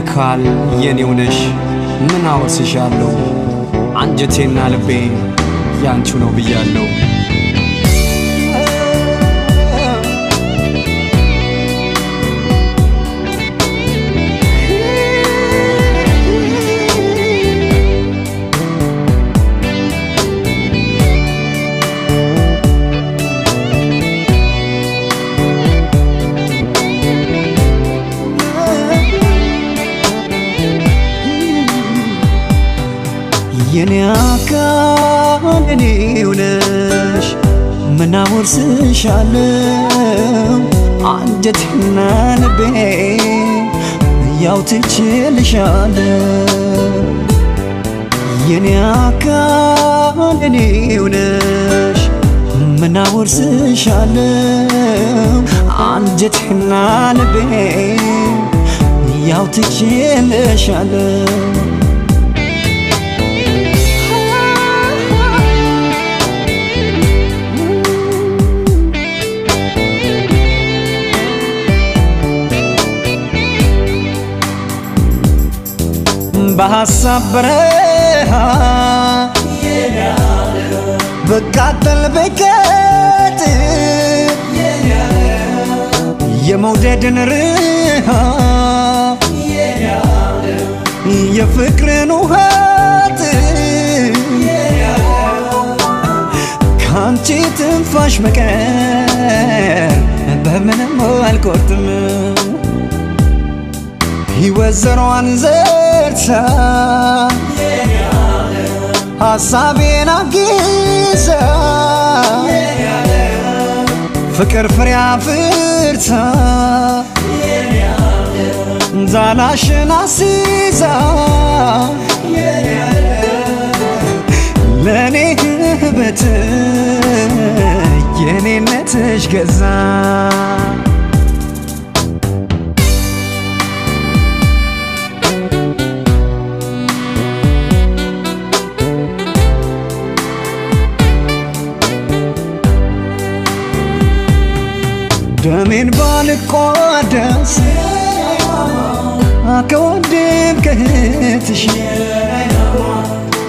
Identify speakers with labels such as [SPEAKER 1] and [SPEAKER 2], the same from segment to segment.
[SPEAKER 1] ይነካል የኔው ነሽ ምን አወርስሻለሁ አንጀቴና ልቤ ያንቹ ነው ብያለሁ። የኔ አካል እኔው ነሽ፣ ምናወርስሻለው አንጀትና ልቤ ያው ትችልሻለው። የኔ አካል እኔው ነሽ፣ ምናወርስሻለው አንጀትና ልቤ ያው ትችልሻለው በሐሳብ በረሃ ብቃጠል ብቀጥ የመውደድን ርሃ የፍቅርን ውሃት ከአንቺ ትንፋሽ በቀር በምንም አልቆርጥም ሕይወት ዘሯን ዘ መልሰ ሐሳቤን አግዘ ፍቅር ፍሬ አፍርተ ዛላሽን አስይዛ ለእኔ ህበት የኔነትሽ ገዛ ደሜን ባልቋደስ ከወንድም ከእህትሽ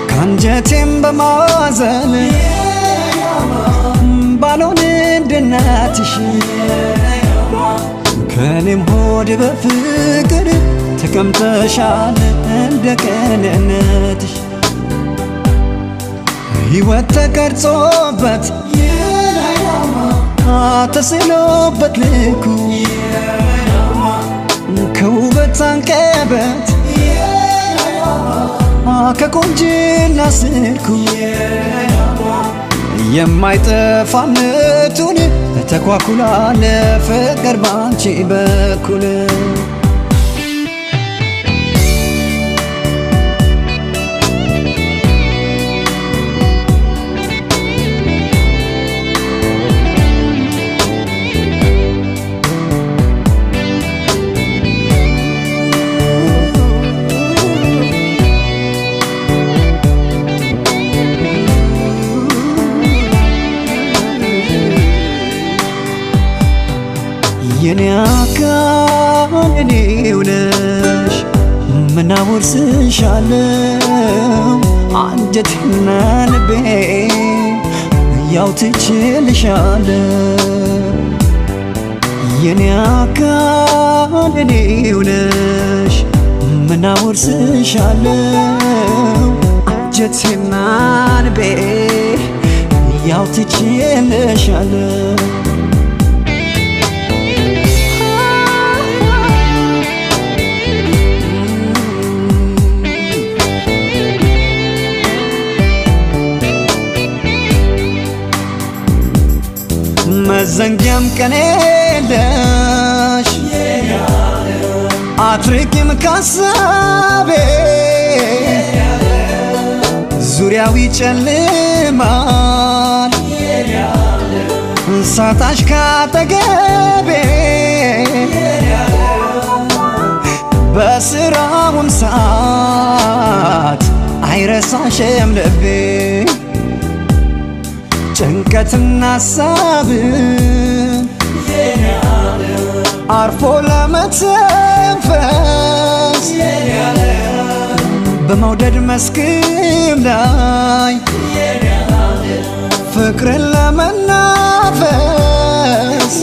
[SPEAKER 1] ከአንጀቴም በማዘን ባልሆን እንደ እናትሽ ከእኔም ሆድ በፍቅር ተቀምጠሻል እንደ ቅንነትሽ ሕይወት ተቀርጾበት ተስሎበት ልኩ ከውበት አንቀበት ከቆንጅና ስልኩ የማይጠፋነቱን ተኳኩላ ለፍቅር ባንቺ በኩል እኔው ነሽ ምናወርስሻለው አንጀትና ልቤ ያው ትችልሻለው የኔ አካል እኔው ነሽ ምናወርስሻለው አንጀትና ልቤ ያው ትችልሻለው መዘንጊያም ቀን የለሽ አትርቂም ካሳቤ ዙሪያው ይጨልማል ሳጣሽ ካጠገቤ በስራውን ሰዓት አይረሳሽም ልቤ ጭንቀትና አሳብ አርፎ ለመተንፈስ በመውደድ መስክም ላይ ፍቅርን ለመናፈስ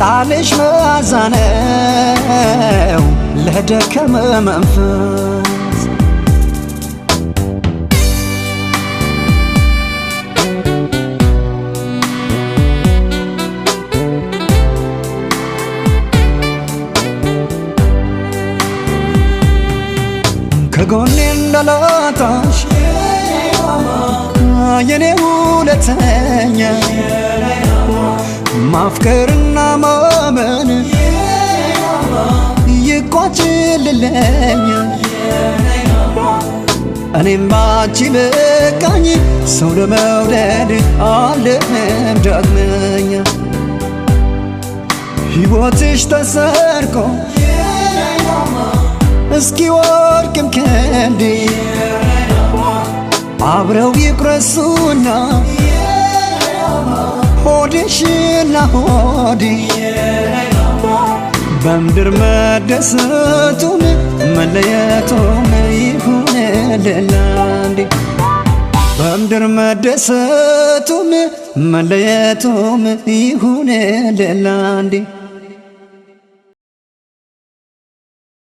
[SPEAKER 1] ቃልሽ መዓዛ ነው ለደከመ መንፈስ ላጣሽ የኔ ሁለተኛ ማፍቀርና ማመን ይቋጭልለኛ እኔም ባቺ በቃኝ ሰው ለመውደድ አልም ዳግመኛ ሕይወትሽ ተሰርቆ እስኪ ወርቅም ከንድ አብረው ይቁረሱና ሆድሽና ሆድ በምድር መደሰቱን መለየቱን ይሁን ለላንዴ በምድር መደሰቱን መለየቱን ይሁን ለላንዴ